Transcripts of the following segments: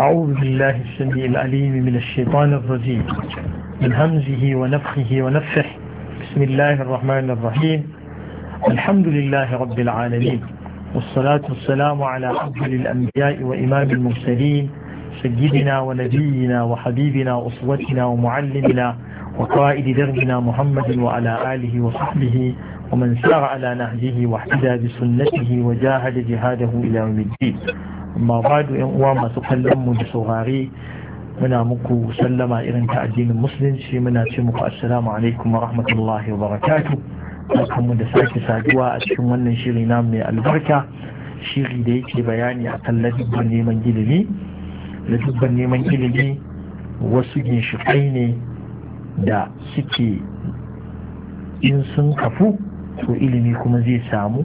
أعوذ بالله السميع العليم من الشيطان الرجيم من همزه ونفخه ونفخه بسم الله الرحمن الرحيم الحمد لله رب العالمين والصلاة والسلام على أفضل الأنبياء وإمام المرسلين سيدنا ونبينا وحبيبنا أسوتنا ومعلمنا وقائد دربنا محمد وعلى آله وصحبه ala ومن سار على نهجه واحتدى بسنته وجاهد جهاده إلى yan uwa masu kallon mu da بصغاري muna muku sallama irin ta addinin musulunci muna ce muku assalamu alaikum wa rahmatullahi wa barakatu mu da sake saduwa a cikin wannan shiri na mai albarka shiri da yake bayani a kan ladubban neman ilimi ladubban neman ilimi wasu ginshiƙai ne da suke in kafu to ilimi kuma zai samu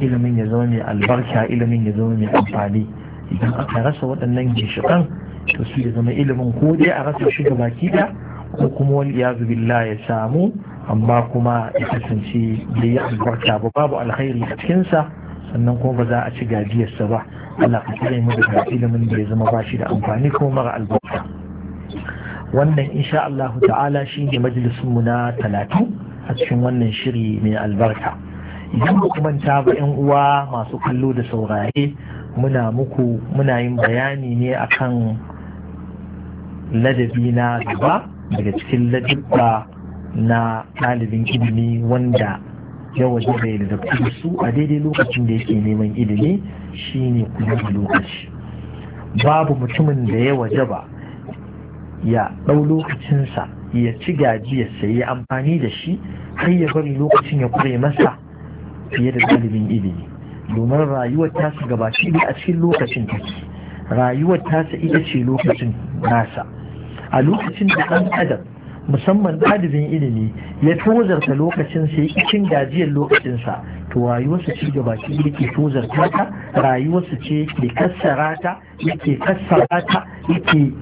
ilimin ya zama mai albarka ilimin ya zama mai amfani idan aka rasa waɗannan ginshiƙan to su ya zama ilimin ko dai a rasa shi ga baki da ko kuma wani ya billah ya samu amma kuma ya kasance da ya albarka ba babu alkhairi a cikinsa sannan kuma ba za a ci gajiyarsa ba Allah ka tsare mu ilimin da ya zama ba shi da amfani ko mara albarka wannan insha Allah ta'ala shine majalisun na talatin a cikin wannan shiri mai albarka idan ku manta ba yan uwa masu kallo da saurare muna muku muna yin bayani ne akan ladabi na gaba daga cikin ladabba na ɗalibin ilimi wanda ya waje bai da su a daidai lokacin da yake neman ilimi shine kuma da lokaci babu mutumin da ya waje ba ya ɗau lokacinsa ya ci gaji ya yi amfani da shi har ya bari lokacin ya kure masa fiye da dalibin ilimi domin rayuwar tasa gabaci ne a cikin lokacin take rayuwar tasa ita ce lokacin nasa a lokacin da ɗan adam musamman ɗalibin ilimi ya tozarta lokacin sai cikin gajiyar lokacinsa to rayuwarsa ce gabaki yake tozarta ta rayuwarsa ce ke kassara ta yake kassara ta yake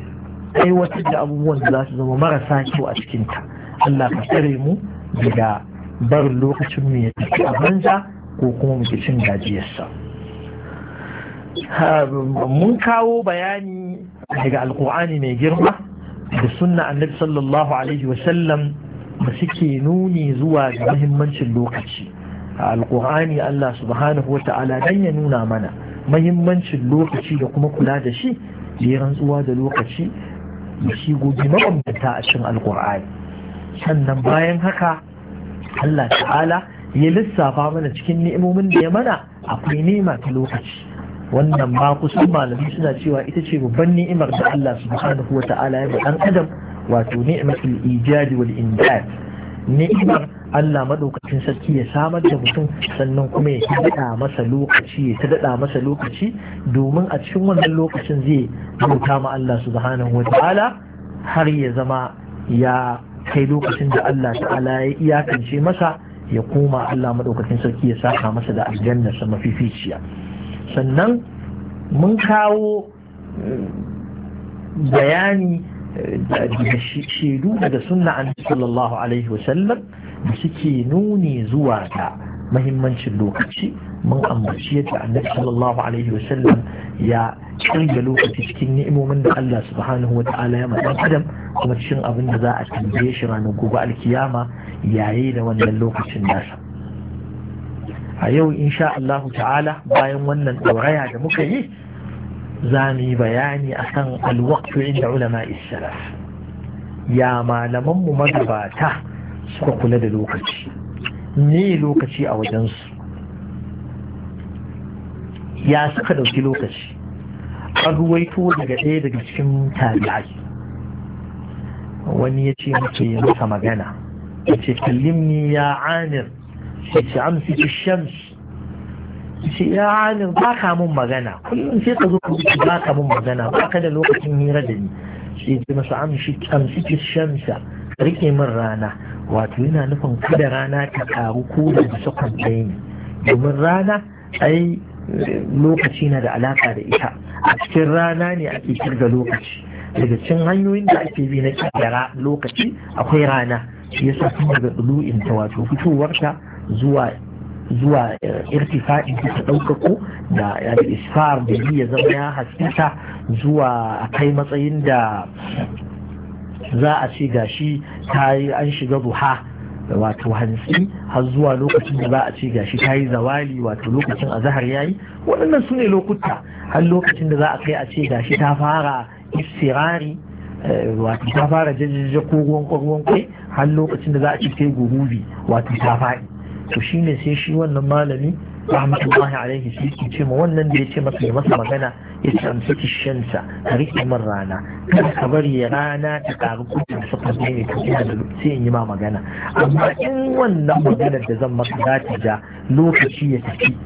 aiwatar da abubuwan da za su zama marasa kyau a cikinta Allah ka tsare mu daga barin lokacin mu ya tafi a banza ko kuma mu cin gajiyarsa mun kawo bayani daga alkur'ani mai girma da sunna annabi sallallahu alaihi wasallam da suke nuni zuwa ga muhimmancin lokaci a alkur'ani Allah subhanahu wa ta'ala dan ya nuna mana muhimmancin lokaci da kuma kula da shi yi rantsuwa da lokaci da sigogi mabambanta a cikin alkur'ani sannan bayan haka Allah ta'ala ya lissafa mana cikin ni'imomin da ya mana akwai ni'ima ta lokaci wannan ma kusan malamai suna cewa ita ce babban ni'imar da Allah subhanahu wa ta'ala ya ga dan adam wato ni'imatul ijadi wal indad ni'imar Allah maɗaukacin sarki ya samar da mutum sannan kuma ya daɗa masa lokaci ya ta daɗa masa lokaci domin a cikin wannan lokacin zai bauta ma Allah subhanahu wa ta'ala har ya zama ya kai lokacin da Allah ta'ala ya iyakance masa ya koma Allah maɗaukacin sarki ya saka masa da aljanna sa mafificiya sannan mun kawo mm, bayani shaidu daga sunna an sallallahu alaihi wasallam da suke nuni zuwa ga mahimmancin lokaci mun ambaci yadda annabi sallallahu alaihi wasallam ya kirga lokaci cikin ni'imomin da Allah subhanahu wa ta'ala ya madan adam kuma cikin abin da za a tambaye shi ranar gobe alkiyama yayi da wannan lokacin nasa a yau insha Allah ta'ala bayan wannan ɗauraya da muka yi yi bayani a kan alwaktu inda ulama salaf ya malamanmu magabata suka kula da lokaci ne lokaci a wajensu ya suka ɗauki lokaci an ruwaito daga ɗaya daga cikin tabi'ai wani ya ce mace masa magana ya ce kallim ni ya anir ya ce amsi shams ce ya halin ba ka mun magana kullum sai ka zo ka wuce ba ka mun magana ba ka da lokacin hira da ni sai ce masa amshi amsiki shamsa rike min rana wato yana nufin kada rana ta karu ko da sakon ɗaya ne domin rana ai lokaci na da alaka da ita a cikin rana ne ake kirga lokaci daga cikin hanyoyin da ake bi na kirga lokaci akwai rana shi yasa kuma daga ɗulu'in ta wato fitowarta zuwa zuwa eh, irtifa'in ta ɗaukako da isfar da ya zama ya haskita zuwa a kai matsayin da za a ce gashi ta yi an shiga duha wato hantsi har zuwa lokacin da za a ce gashi ta yi zawali wato lokacin a zahar ya yi waɗannan su ne lokuta har lokacin da za a kai a ce gashi ta fara istirari eh, wato ta fara jajjaje ko ruwan kwai har lokacin da za a ce kai wato ta faɗi to shine sai shi wannan malami rahmatullahi alaihi sai ke ce ma wannan da ya ce masa ya masa magana ya ce kishinsa a rike min rana kada ka bari ya rana ta karu da suka zai ne tafiya da sai in yi ma magana amma in wannan maganar da zan maka za ta ja lokaci ya tafi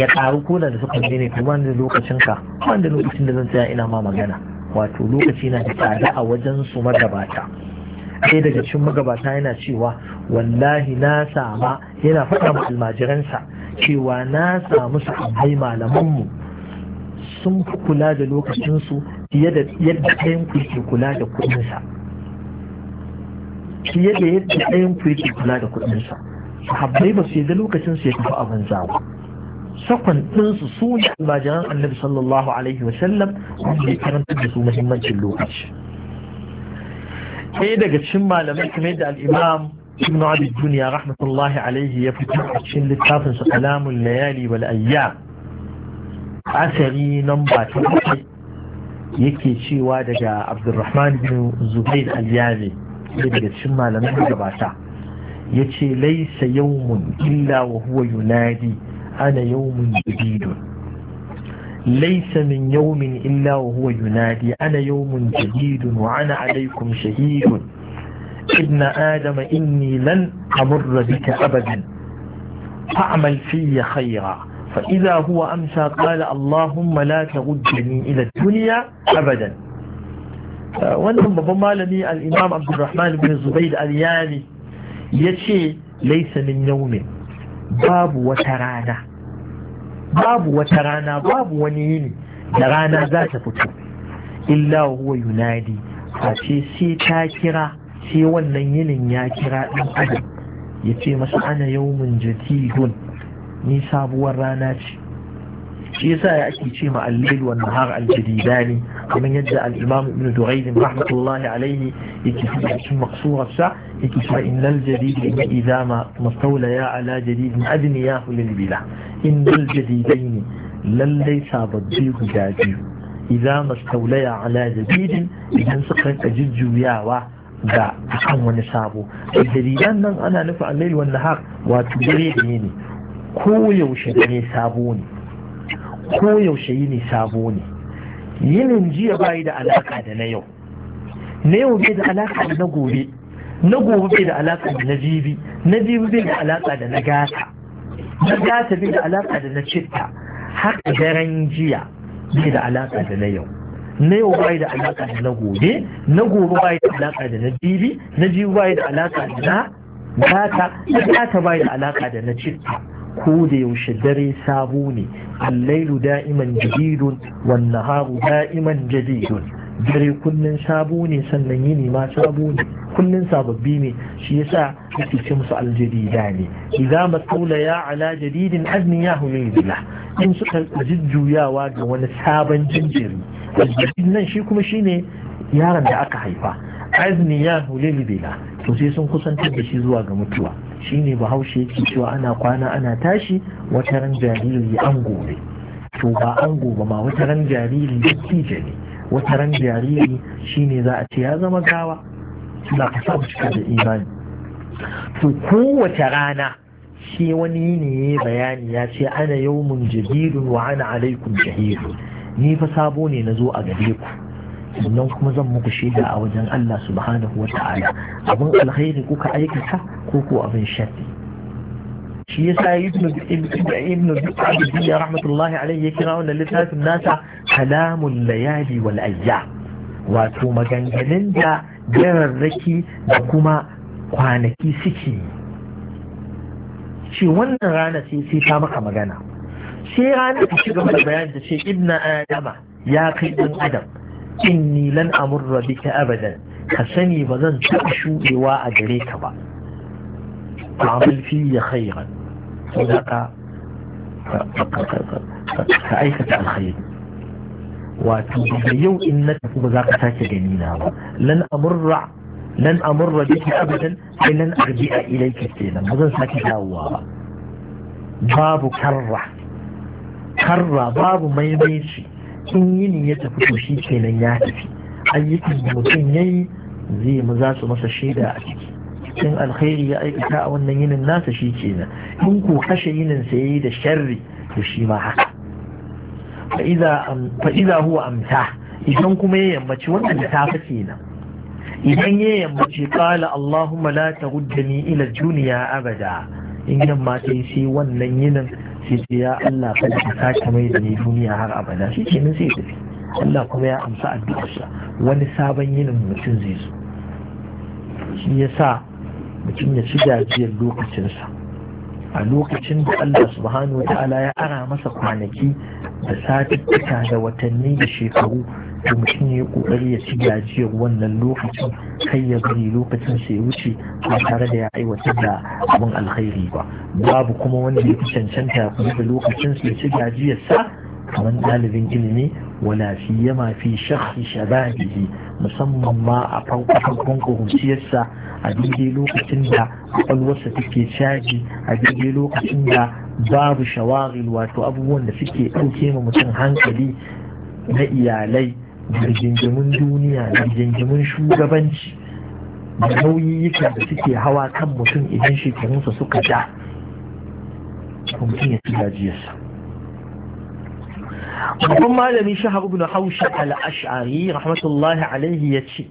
ya karu kudin da suka zai ne to wanda lokacin ka wanda lokacin da zan tsaya ina ma magana wato lokaci na da tsada a wajen su magabata sai daga cikin magabata yana cewa wallahi na sama yana faɗa ma almajiransa cewa na samu sahabbai malamanmu sun fi kula da lokacinsu fiye da yadda ɗayan ku ke kula da kuɗinsa fiye da yadda ɗayan ku ke kula da kuɗinsa sahabbai ba su yi da lokacinsu ya tafi abin zawo sakon ɗinsu su ne almajiran annabi sallallahu alaihi wa Sallam wanda ya karanta da su muhimmancin lokaci sai daga cikin malamai kamar da al-imam ibn abi duniya rahmatullahi alaihi ya fito a cikin littafin sa alamun layali wal ayya asari namba ta yake cewa daga abdurrahman bin zubair al sai daga cikin malamai gabata yace laisa yawmun illa wa huwa yunadi ana yawmun jadidun ليس من يوم إلا وهو ينادي أنا يوم جديد وأنا عليكم شهيد ابن آدم إني لن أمر بك أبدا فاعمل في خيرا فإذا هو أمسى قال اللهم لا تغدني إلى الدنيا أبدا wannan babban malami الإمام عبد الرحمن بن al-yali ya ليس من يوم باب babu babu wata rana babu wani yini da rana za ta fito illa huwa yunadi face sai ta kira sai wannan yinin ya kira ɗan adam ya ce masa ana yawmin jadidun ni sabuwar rana ce shi yasa ya ake ce ma al-lail wa nahar al ne kamar yadda al-imam ibn durayd rahmatullahi alayhi yake fada cikin maqsurarsa yake cewa innal jadid idza ma ya ala jadid adniyahu lil bila innal jadidain lallai sababbi guda biyu idza ya ala jadid idan suka jujjuyawa ga kan wani sabo jadidan nan ana nufi al-lail wa nahar wato dare da ko koyaushe dare sabo ne koyaushe yini sabo ne yinin jiya bayi da alaka da na yau na yau bai da alaka da na gobe na gobe bai da alaka da na jibi na jibi bai da alaka da na gata na gata bai da alaka da na citta haka daren jiya bai da alaka da na yau na yau bai da alaka da na gobe na gobe bai da alaka da na jibi na jibi bai da alaka da na gata na gata bai da alaka da na citta ko da yaushe dare sabo ne allailu da'iman jadidun wannan naharu da'iman jadidun dare kullun sabo ne sannan yini ma sabo ne kullun sababbi ne shi yasa kake ce musu aljadida ne idza matula ya ala jadidin azni ya bila in suka jujjuyawa ga wani sabon jinjiri aljadid nan shi kuma shine yaron da aka haifa azni ya bila to sai sun kusantar da shi zuwa ga mutuwa shine bahaushe yake cewa ana kwana ana tashi wata ran jariri an gobe to ba an gobe ma wata ran jariri dattijo ne wata ran jariri shine za a ce ya zama gawa suna ka samu cika da imani to kowace rana shi wani ne bayani ya ce ana yawmun jadidun wa ana alaikum shahidu ni fa sabo ne na zo a gare ku sannan kuma zan muku shaida a wajen Allah subhanahu wa ta'ala abin alkhairi kuka aikata koko abin shafi shi yasa ibnu ibnu abdiyya rahmatullahi alaihi ya kira wannan littafin nasa kalamun layali wal ayya wato maganganun da jararraki da kuma kwanaki suke ce wannan rana sai sai ta maka magana sai rana ta ci gaba da ce ibna adama ya kai ɗan adam inni lan amurra bika abadan ka sani ba zan taɓa shuɗewa a gare ka ba فاعمل في خيرا صدق فأيكت الخير وتبديو إنك فبذاك ساك جميلة لن أمر لن أمر بك أبدا لن أرجع إليك سينا مدن ساك داوا باب كرة كرة باب ما in yini ya tafi to shi kenan ya tafi ayyukan da mutum cikin alkhairi ya aikata a wannan yinin nasa shi kenan in ku kashe yinin sa yayi da sharri to shi ma haka fa idza huwa amsa idan kuma ya yammaci wannan da safa kenan idan ya yammaci qala allahumma la taguddani ila duniya abada in yamma sai sai wannan yinin sai sai ya Allah kada ka sake mai da ni duniya har abada shi kenan sai tafi Allah kuma ya amsa addu'arsa wani sabon yinin mutum zai zo shi yasa mutum ya ci gajiyar lokacinsa a lokacin da Allah subhanahu wa ta'ala ya ara masa kwanaki da satuttuka da watanni da shekaru da mutum ya kokari ya ci gajiyar wannan lokacin kai ya bari lokacin ya wuce ba tare da ya aiwatar da abin alkhairi ba babu kuma wanda ya fi cancanta kuma da lokacin sa ci gajiyar sa kamar ɗalibin ilimi wala siyama fi shakhsi shababihi musamman ma a farkon kuruciyarsa a daidai lokacin da kwakwalwarsa take caji a daidai lokacin da babu shawari, wato abubuwan da suke ɗauke ma mutum hankali na iyalai da rigingimin duniya da rigingimin shugabanci da nauyiyyukan da suke hawa kan mutum idan shekarunsa suka ja mutum ya ci gajiyarsa babban malami shahar ibn hausha al-ash'ari rahmatullahi alaihi ya ce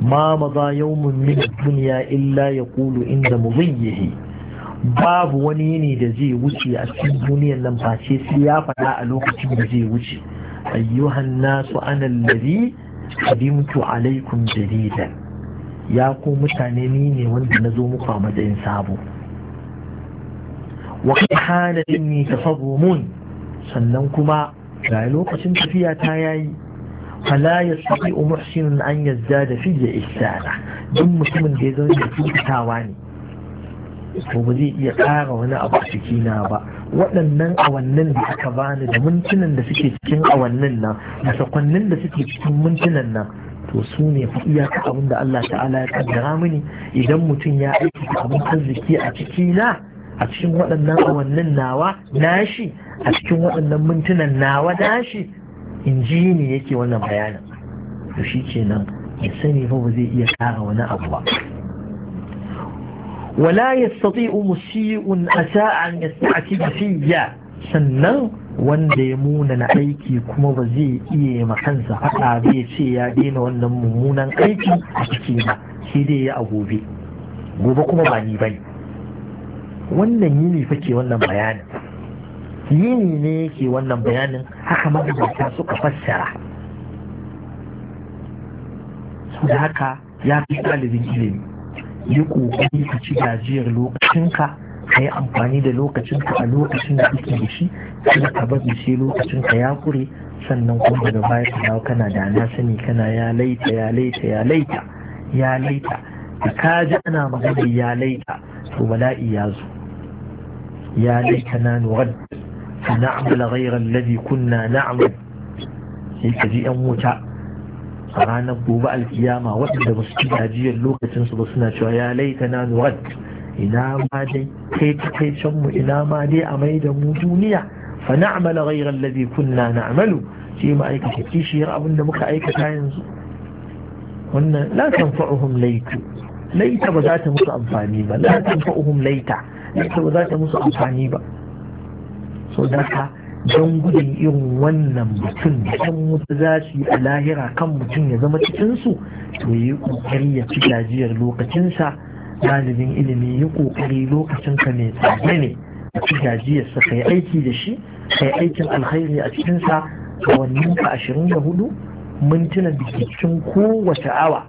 ma maza yawmun min duniya illa ya kulu inda mu ya yi. babu wani ne da zai wuce a cikin duniyar nan face sai ya faɗa a lokacin da zai wuce ayyuhan nasu ana alladhi qadimtu alaikum jadidan ya ku mutane ni ne wanda na zo muku a matsayin sabo wa qad hana minni tafarrumun sannan kuma ga lokacin tafiyata ta yayi فلا يستطيع محسن أن يزداد في إحسانا دم مسلم جيزون يكون تاواني وبزي يقار هنا أبو cikina ba. waɗannan awannin da aka bani da mintunan da suke cikin awannin nan da sakonnin da suke cikin mintunan nan to su ne fi iyaka abin da Allah ta'ala ya kaddara mini idan mutum ya aiki abin arziki a ciki na a cikin waɗannan awannin nawa nashi a cikin waɗannan mintunan nawa nashi injini yake wannan bayanin to shi kenan ya sani fa ba zai iya kara wani abu ba wala yastati'u musii'un asa'a an yasta'tiba sannan wanda ya muna na aiki kuma ba zai iya ma kansa faɗa bai ce ya daina wannan mummunan aiki a ciki ba sai dai ya a gobe gobe kuma ba ni bane wannan yini fake wannan bayanin yini ne yake wannan bayanin haka magabata suka fassara su da haka ya fi ɗalibin ilimi yi ƙoƙari ka ci gajiyar lokacinka ka yi amfani da lokacinka a lokacin da kake da shi kada ka bar shi lokacinka ya kure sannan kuma daga baya ka dawo kana da na sani kana ya laita ya laita ya laita ya laita da ka ji ana magana ya laita to bala'i ya zo ya laita na nuwar نعمل غير الذي كنا نعمل سيكذي أموتا فرانا بوبا الكيامة وقد مسجد هجي اللوكة سنصبصنا شو يا ليتنا نرد إنا ما دي كيت كيت شم إنا ما دي أميد مدونية فنعمل غير الذي كنا نعمل شيء ما أيك شيء شيء رأب إن مك أيك تاينز وإن لا تنفعهم ليت ليت بذات مس أنفاني لا تنفعهم ليت ليت بذات مس أنفاني so haka don gudun irin wannan mutum da ɗan za su yi a lahira kan mutum ya zama cikinsu to ya yi kokari ya ci gajiyar lokacinsa ɗalibin ilimi yi ƙoƙari lokacinka mai tsada ne a ci gajiyarsa kai aiki da shi kai aikin alkhairi a cikinsa wannan ka ashirin da hudu mintuna da ke cikin kowace awa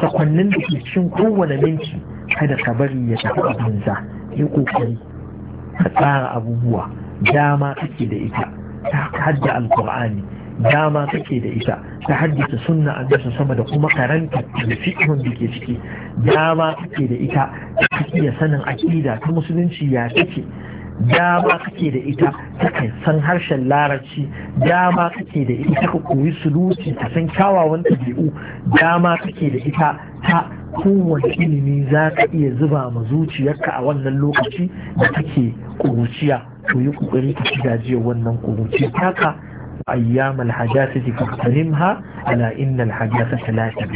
sakonnin da ke cikin kowane minti kada ka bari ya tafi abinsa yi ƙoƙari ka tsara abubuwa dama kake da ita ta hadda alkur'ani dama kake da ita ta haddasa sunna a sama da kuma karanta da fi'ihun da ke ciki dama kake da ita ta iya sanin aƙida ta musulunci ya take dama kake da ita ta kai san harshen larabci dama kake da ita ka koyi suluci ta san kyawawan ɗabi'u dama kake da ita ta kowane ilimi za ka iya zuba ma zuciyarka a wannan lokaci da take kuruciya to yi ƙoƙari ka ci jiya wannan kuruci taka ayyam alhajata ji fahimha ala inna alhajata ta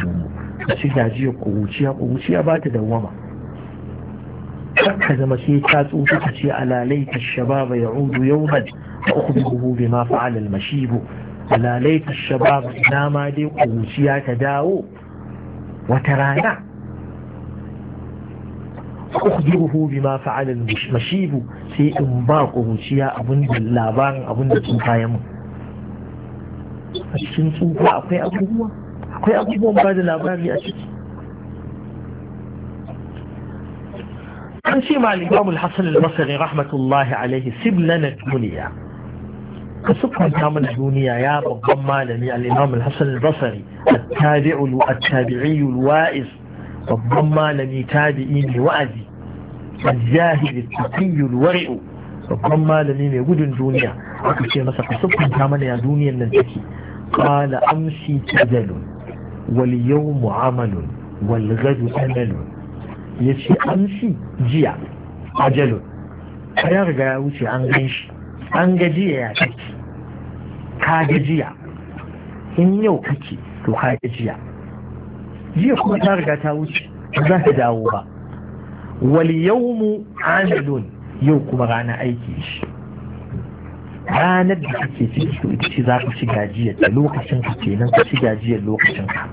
ka shiga jiya kuruciya kuruciya ba ta dawwama ka zama sai ta tsufa ka ce alalai ta shababa ya udu yauman ta uku bi hubu bi ma fa'alal mashibu dama dai ƙuruciya ta dawo وترانا أخبره بما فعل المشيب في إنباقه شيا أبن اللابان أبن التنفايم أشين سوف أقوي أبوه أقوي أبوه بعد اللابان يأشين أنسي مع الإمام الحسن imam رحمة الله عليه سبلنا rahmatullahi كسكن كامل الدنيا يا ربما مالني الإمام الحسن البصري التابع التابعي الوائز ربما مالني تابعي وأذي الجاهل التقي الورع ربما مالني موجود الدنيا أكشي مسا كسكن كامل يا دنيا ننتكي قال أمسي تزل واليوم عمل والغد أمل يسي أمسي جيا أجل أيا رجاء وشي أنجيش أنجدي يا تكي ka in yau kake to ka jiya kuma ta riga ta wuce ba za ta dawo ba wal yawmu amilun yau kuma rana aiki shi ranar da kake ciki to ita ce za ka ci gajiya da lokacin ka kenan ka ci gajiya lokacin ka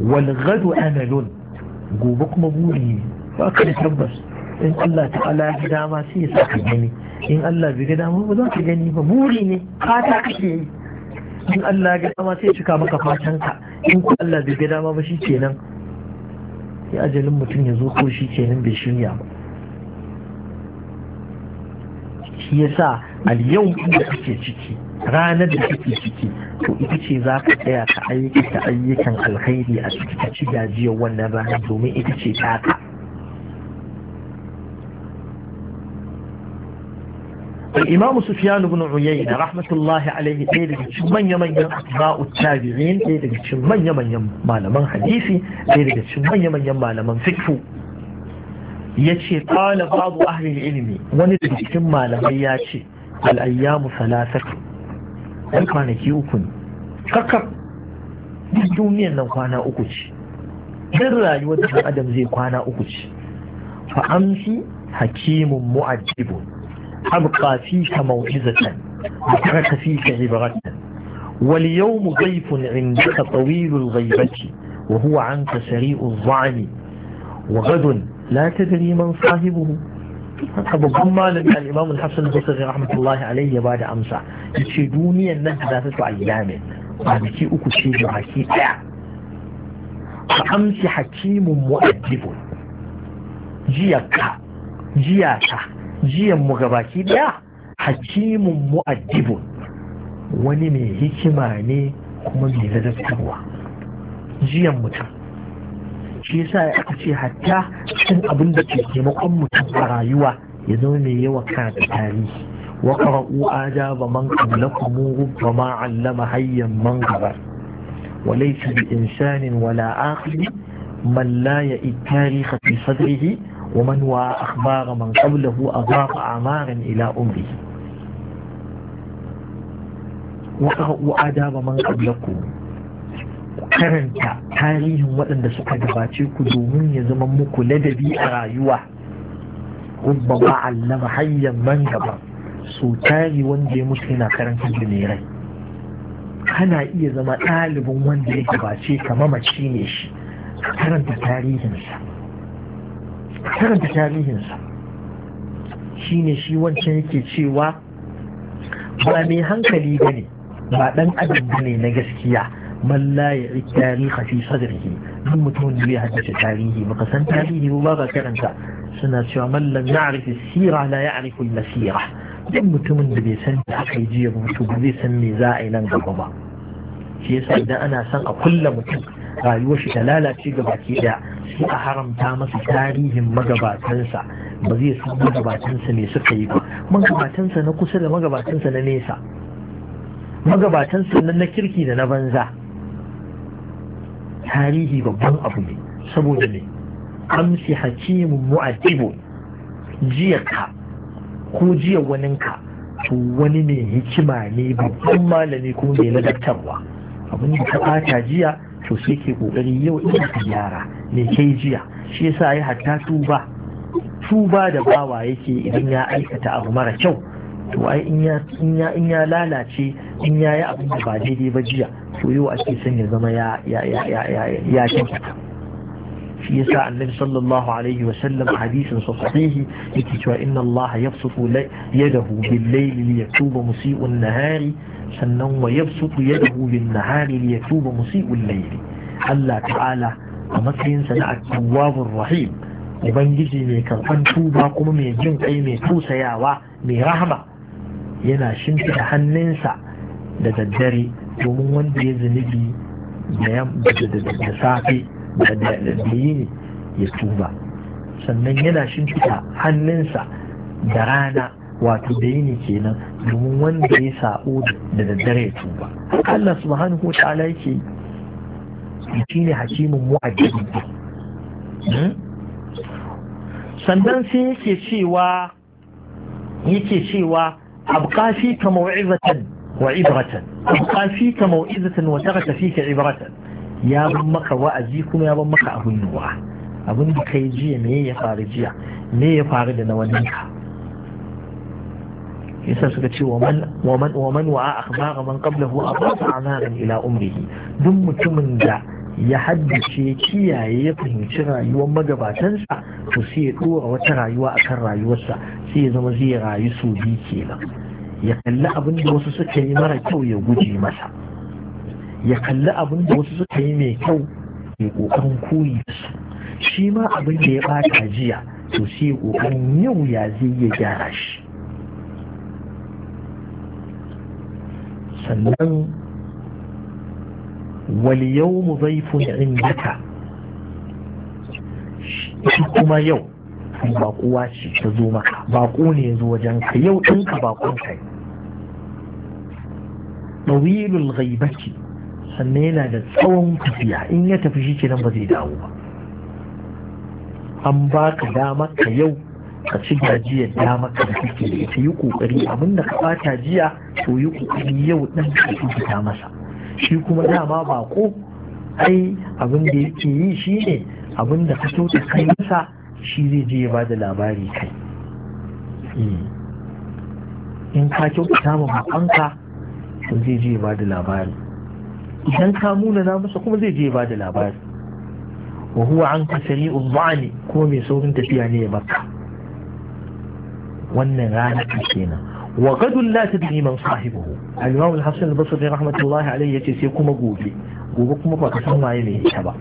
wal gado amilun gobe kuma buri ne ba ka tabbas in Allah ala ya dama sai ya saka gani in Allah bai ga dama ba za ka gani ba buri ne fata kake yi in Allah ya ga dama sai ya cika maka fatan ka in ku Allah bai ga dama ba shi kenan sai ajalin mutum ya zo ko shi kenan bai shirya ba shi sa al-yau da kake ciki ranar da kake ciki to ita ce za ka tsaya ka ayyuka ayyukan alkhairi a ciki ka ci gajiyar wannan ranar domin ita ce taka imamu sufyan ibn uyayna rahmatullahi alayhi sai daga cikin manya manyan ba'u tabi'in daga cikin manya manyan malaman hadisi sai daga cikin manya manyan malaman fiqh yace qala ba'du ahli al-ilmi wani daga cikin malamai yace al-ayyamu thalathah dan kwanaki uku ne kakar duniyar nan kwana uku ce duk rayuwar adam zai kwana uku ce fa amsi hakimun mu'addibun أبقى فيك موعظة وترك فيك عبرة واليوم ضيف عندك طويل الغيبة وهو عنك سريء الظعن وغد لا تدري من صاحبه babban malami al'imam al-hassan basari rahmatullahi alaihi ya bada amsa ya ce duniyan nan za ta ta'ayyana ne kwanaki uku ce da baki ka amsi hakimin mu'addibun jiya ka jiyan mu gabaki daya hakimun mu'addibun wani mai hikima ne kuma mai ladabtarwa jiyan mutum shi yasa aka ce hatta cikin abin da ke taimakon mutum a rayuwa ya zama mai yawa da tarihi wa qara'u adaba man qablakum 'allama hayyan man ghabar wa laysa bi insanin wala akhir man la ya'i fi sadrihi ومن وأخبار من قبله أضاف أعمارا إلى أمره وقرأوا آداب من قبلكم karanta tarihin waɗanda suka gabace ku domin ya zama muku ladabi a rayuwa rubba ba allama hanyar man gaba so wanda ya mutu yana karanta jimirai kana iya zama ɗalibin wanda ya gabace ka mamaci ne shi karanta tarihinsa karanta tarihinsa shi ne shi wancan yake cewa ba mai hankali ba ne ba ɗan adam ba ne na gaskiya man ya yi tarihi fi sadrihi duk mutumin da ya haddace tarihi baka san tarihi ba ba karanta suna cewa man na ya'rifu sira la ya'rifu al-masira duk mutumin da bai san da aka yi jiya mutu ba zai san me za a yi nan gaba ba shi yasa idan ana son a kulla mutum rayuwar shi ta lalace ga baki daya sai a haramta masa tarihin magabatansa ba zai san magabatansa ne suka yi ba magabatansa na kusa da magabatansa na nesa magabatansa na na kirki da na banza tarihi babban abu ne saboda ne amsi hakimun mu'addibu jiyarka ko jiya waninka to wani mai hikima ne babban malami ko mai ladabtarwa abin da ta ɓata jiya to sai ke kokari yau ina ka gyara me kai jiya shi yasa ya hatta tuba tuba da bawa yake idan ya aikata abu mara kyau to ai in ya lalace in ya yi abin da ba daidai ba jiya to yau ake son ya zama ya ya ya ya shi yasa annabi sallallahu alaihi wasallam hadisin sa sahihi yake cewa inna Allah yabsutu yadahu bil layli liyatuba musii'un nahari sannan wa yabsutu yadahu bin nahari tuba musii'un layli Allah ta'ala a matsayin sa na at-tawwabur rahim ubangiji mai karban tuba kuma mai jin kai mai tusayawa mai rahama yana shimfiɗa hannunsa da daddare domin wanda ya zunubi da safe da yi ya tuba sannan yana shimfiɗa hannunsa da rana wato da yini kenan domin wanda ya sa'o da daddare ya tuba Allah subhanahu wa ta'ala yake shi ne hakimin mu'addabi hmm? sannan sai yake cewa yake cewa kama fika wa ibratan wa taraka fika ibratan ya ban maka wa'azi kuma ya ban maka abun yiwa abin da kai jiya me ya faru jiya me ya faru da na wannan ka yasa suka ce wa man wa man wa man akhbara man qablahu aqasa amaran ila umrihi duk mutumin da ya haddace kiyaye ya fahimci rayuwar magabatansa to sai ya dora wata rayuwa akan rayuwarsa sai ya zama zai rayu su biyu kenan ya kalli abin da wasu suka yi mara kyau ya guje masa ya kalli abin da wasu suka yi mai kyau ya ƙoƙarin koyi da su shi ma abin da ya ɓata jiya to sai ya ƙoƙarin yau ya zai ya gyara shi sannan waliyau mu zai zaifun indaka shi kuma yau bakuwa ce ta zo maka bako ne zo wajen ka yau ɗinka bakon kai ɗawilul ghaibaki sannan yana da tsawon tafiya in ya tafi shi kenan ba zai dawo ba an ba ka dama ka yau ka ci gajiyar dama ka da kake da ita yi kokari abinda ka bata jiya to yi kokari yau dan ka ta masa shi kuma dama ko ai abin da yake yi shi ne abin ka kyauta kai masa shi zai je ya bada labari kai hmm. in ka kyauta ma bakonka to zai je ya bada labari idan ka muna na masa kuma zai je ba da labari wa huwa an kasari uzzani ko mai saurin tafiya ne ya baka wannan rana kenan wa gadun la tadri man sahibihi al-imam al-hasan al-basri rahmatullahi alayhi yace sai kuma gobe gobe kuma ba ka san waye mai ita ba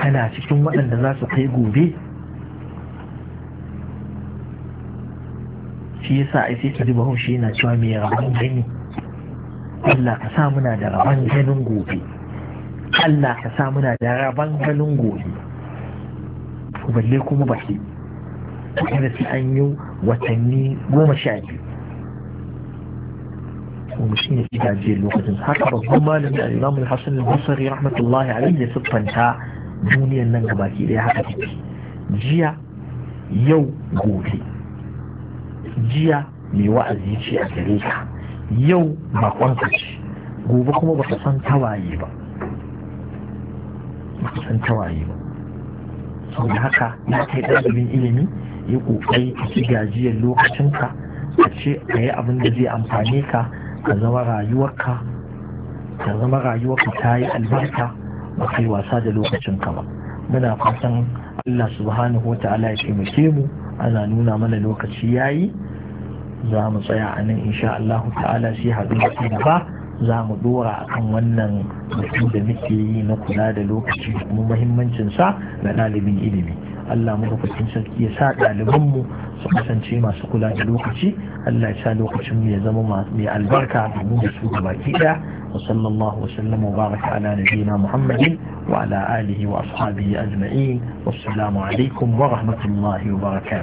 kana cikin waɗanda za su kai gobe shi yasa ai sai ka ji bahaushe yana cewa mai rabon gani Allah ka sa muna da rabon ganin gobe Allah ka sa muna da rabon ganin gobe balle kuma ke, kada sai an yi watanni goma sha biyu kuma shi ne gidaje lokacin haka babban malami a imamu hassan al-basri rahmatullahi alaihi ya siffanta duniyar nan gabaki daya haka take jiya yau gobe jiya mai wa'azi ce a gare ka yau ba ce gobe kuma baka san tawaye ba ka san tawaye ba sau da haka ya kai ɗalibin ilimi ya ƙoƙari ka ci gajiyar lokacinka ka ce a yi abin da zai amfani ka ka zama rayuwarka ka zama rayuwarka ta yi albarka ba kai wasa da lokacinka ba muna fatan Allah subhanahu wa ta'ala ya taimake mu ana nuna mana lokaci yayi za mu tsaya a nan insha Allah ta'ala sai haɗu da gaba za mu dora kan wannan mutum da muke yi na kula da lokaci kuma muhimmancinsa ga ɗalibin ilimi Allah madaukakin sarki ya sa ɗalibanmu su kasance masu kula da lokaci Allah ya sa lokacin mu ya zama mai albarka domin da su gabaki ɗaya wa sallallahu wa sallama wa baraka ala nabiyina Muhammadin wa ala alihi wa ashabihi ajma'in wassalamu alaikum wa rahmatullahi wa barakatuh